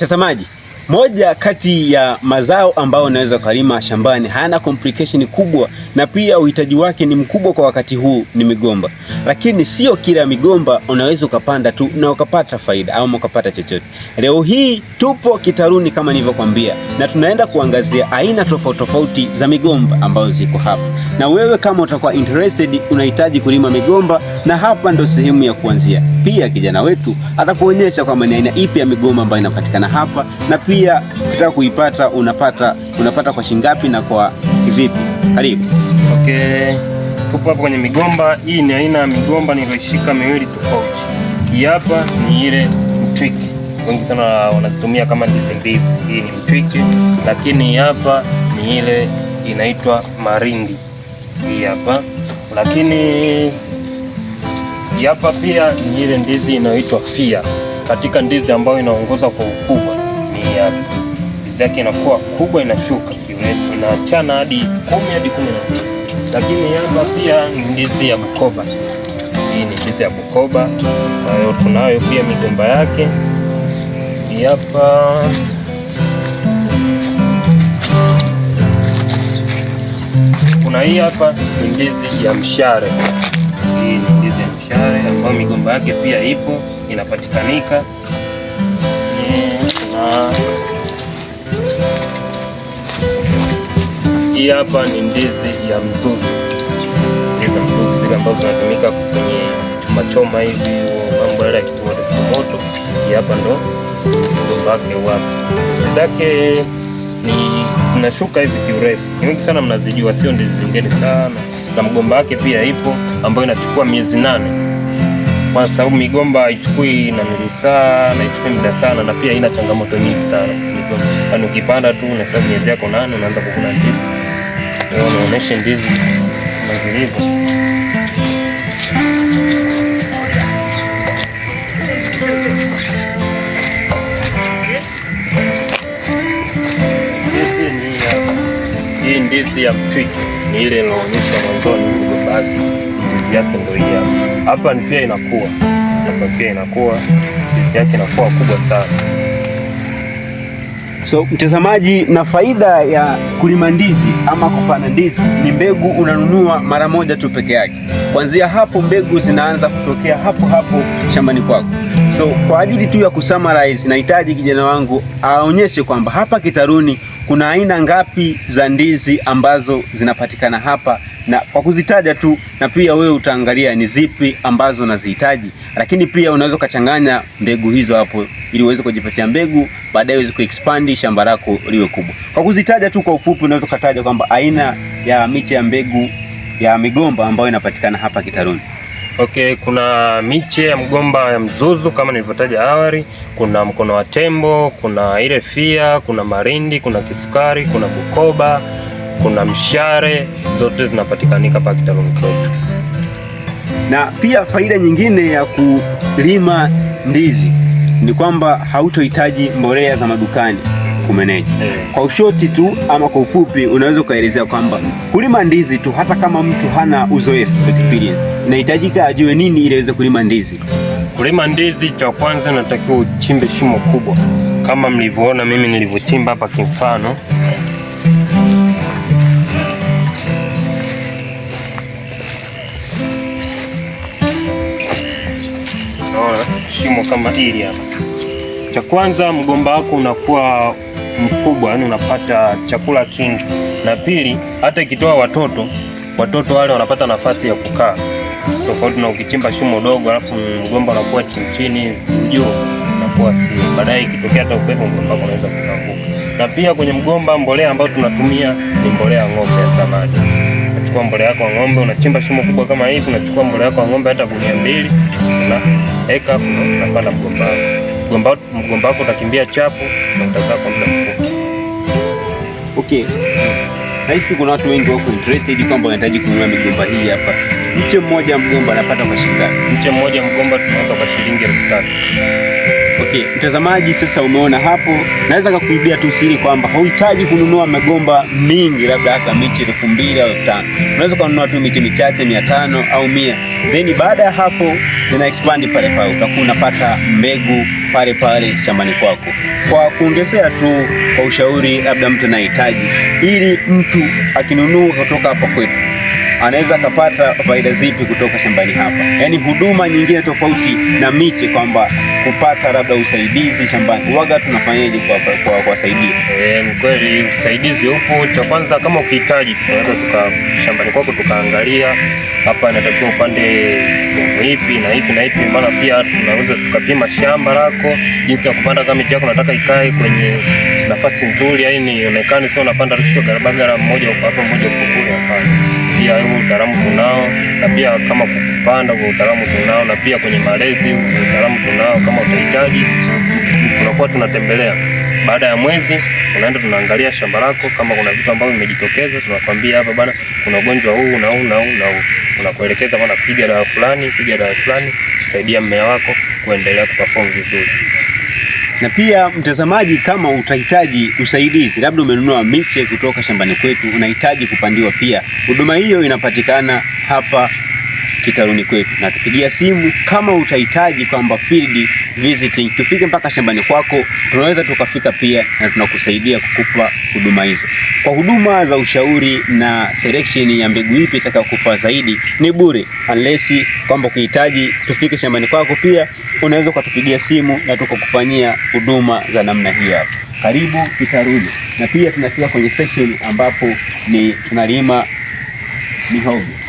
Mtazamaji, moja kati ya mazao ambayo unaweza ukalima shambani hayana complication kubwa na pia uhitaji wake ni mkubwa kwa wakati huu ni migomba, lakini sio kila migomba unaweza ukapanda tu na ukapata faida au ukapata chochote. Leo hii tupo kitaruni kama nilivyokwambia, na tunaenda kuangazia aina tofauti tofauti za migomba ambazo ziko hapa na wewe kama utakuwa interested, unahitaji kulima migomba na hapa ndo sehemu ya kuanzia. Pia kijana wetu atakuonyesha kwamba ni aina ipi ya migomba ambayo inapatikana hapa, na pia ukitaka kuipata unapata, unapata kwa shingapi na kwa kivipi. Karibu. Okay, tupo hapa kwenye migomba hii. Ni aina ya migomba nilioshika miwili tofauti. Hii hapa ni ile mtwiki, wengi sana wanatumia kama ndizi mbivu. Hii ni mtwiki, lakini hapa ni ile inaitwa marindi hii hapa, lakini hapa pia ni ile ndizi inayoitwa fia. Katika ndizi ambayo inaongoza kwa ukubwa ni hapa, ndizi yake inakuwa kubwa, inashuka na inaachana hadi kumi hadi kumi na mbili. Lakini hapa pia ni ndizi ya Bukoba. Hii ni ndizi ya Bukoba, kwa hiyo tunayo pia migomba yake hapa na hii hapa ni ndizi ya mshare Hii ni ndizi ya mshare ambayo migomba yake pia ipo inapatikanika na hii hapa ni ndizi ya mzuzu, ndizi mzuzu zile ambazo zinatumika kwenye machoma hivi, mambo yale ya kimoto. Hii hapa ndo migomba yake wapi zake ni zinashuka hivi kiurefu. Nyingi sana mnazijua, sio ndizi zingine sana, na mgomba wake pia ipo ambayo inachukua miezi nane, kwa sababu migomba haichukui nanili sana, haichukui muda sana, na pia ina changamoto nyingi sana. Yaani ukipanda tu sasa miezi yako nane unaanza kuvuna ndizi. unaonyesha ndizi na zilivyo hizi ya mtwiki ni ile inaonyesha mwanzoni baadhi yake ndio hii hapa, ni pia inakuwa hapa, pia inakuwa yake inakuwa kubwa sana. So mtazamaji, na faida ya kulima ndizi ama kupanda ndizi ni mbegu unanunua mara moja tu peke yake. Kuanzia hapo mbegu zinaanza kutokea hapo hapo shambani kwako. So kwa ajili tu ya kusummarize, nahitaji kijana wangu aonyeshe kwamba hapa Kitaruni kuna aina ngapi za ndizi ambazo zinapatikana hapa, na kwa kuzitaja tu, na pia wewe utaangalia ni zipi ambazo unazihitaji, lakini pia unaweza ukachanganya mbegu hizo hapo, ili uweze kujipatia mbegu, baadaye uweze kuexpand shamba lako liwe kubwa. Kwa kuzitaja tu kwa ufupi, unaweza ukataja kwamba aina ya miche ya mbegu ya migomba ambayo inapatikana hapa Kitaruni. Okay, kuna miche ya mgomba ya mzuzu kama nilivyotaja awali, kuna mkono wa tembo, kuna ile fia, kuna marindi, kuna kisukari, kuna Bukoba, kuna mshare, zote zinapatikanika pa kitalu kwetu. Na pia faida nyingine ya kulima ndizi ni kwamba hautohitaji mbolea za madukani kumeneji. Eh. Kwa ushoti tu ama kwa ufupi, unaweza ukaelezea kwamba kulima ndizi tu, hata kama mtu hana uzoefu experience, inahitajika ajue nini ili aweze kulima ndizi. Kulima ndizi, cha kwanza natakiwa uchimbe shimo kubwa, kama mlivyoona mimi nilivyochimba hapa kimfano shimo kama hili hapa. Cha kwanza mgomba wako unakuwa mkubwa, yani unapata chakula kingi, na pili hata ikitoa watoto watoto wale wanapata nafasi ya kukaa tofauti na ukichimba shimo dogo, alafu mgomba unakuwa chini juu unakuwa si baadaye, ikitokea hata upepo mgomba unaweza kuanguka. Na pia kwenye mgomba mbolea ambayo tunatumia ni mbolea ya ng'ombe ya samadi. Unachukua mbolea yako ya ng'ombe, unachimba shimo kubwa kama hivi, unachukua mbolea yako ya ng'ombe hata gunia mbili, na eka unapanda mgomba mgomba wako utakimbia chapu na utakaa kwa muda mfupi. Okay. Nahisi kuna watu wengi wako interested kwamba wanahitaji kununua migomba hii hapa. Mche mmoja mgomba anapata kwa shilingi ngapi? Mche mmoja mgomba tunauza kwa shilingi elfu tatu. Okay, mtazamaji, sasa umeona hapo, naweza kukuibia tu siri kwamba hauhitaji kununua magomba mingi, labda hata miche elfu mbili au elfu tano unaweza kununua tu miche michache mia tano au mia then baada ya hapo tuna expand pale pale, utakuwa unapata mbegu pale pale shambani kwako. Kwa kuongezea tu kwa ushauri, labda mtu anahitaji, ili mtu akinunua kutoka hapa kwetu anaweza akapata faida zipi kutoka shambani hapa, yaani huduma nyingine tofauti na miche, kwamba kupata labda usaidizi shambani, waga tunafanyaje kwa kuwasaidia? E, eh, kweli usaidizi upo. cha kwanza kama ukihitaji, tunaweza tuka shambani kwako tukaangalia hapa inatakiwa upande sehemu ipi na ipi na ipi, maana pia tunaweza tukapima shamba lako, jinsi ya kupanda. Kama miti yako nataka ikae kwenye nafasi nzuri, yaani ionekane sio unapanda garabagara, mmoja uko hapa mmoja uko kule, hapana pia huu utaalamu tunao, na pia kama kupanda kwa utaalamu tunao, na pia kwenye malezi utaalamu tunao. Kama utahitaji, tunakuwa tunatembelea baada ya mwezi, tunaenda tunaangalia shamba lako, kama kuna vitu ambavyo vimejitokeza, tunakwambia hapa bana, kuna ugonjwa huu na huu na huu na huu, unakuelekeza bana, piga dawa fulani, piga dawa fulani, saidia mmea wako kuendelea kuperform vizuri na pia mtazamaji, kama utahitaji usaidizi, labda umenunua miche kutoka shambani kwetu, unahitaji kupandiwa pia, huduma hiyo inapatikana hapa kitaruni kwetu, na tupigia simu kama utahitaji kwamba field visiting tufike mpaka shambani kwako, tunaweza tukafika pia na tunakusaidia kukupa huduma hizo. Kwa huduma za ushauri na selection ya mbegu ipi itakayokufaa zaidi ni bure, unless kwamba ukihitaji tufike shambani kwako pia unaweza ukatupigia simu na tukakufanyia huduma za namna hiyo hapo. Karibu kitaruni, na pia tunafika kwenye section ambapo ni tunalima mihogo.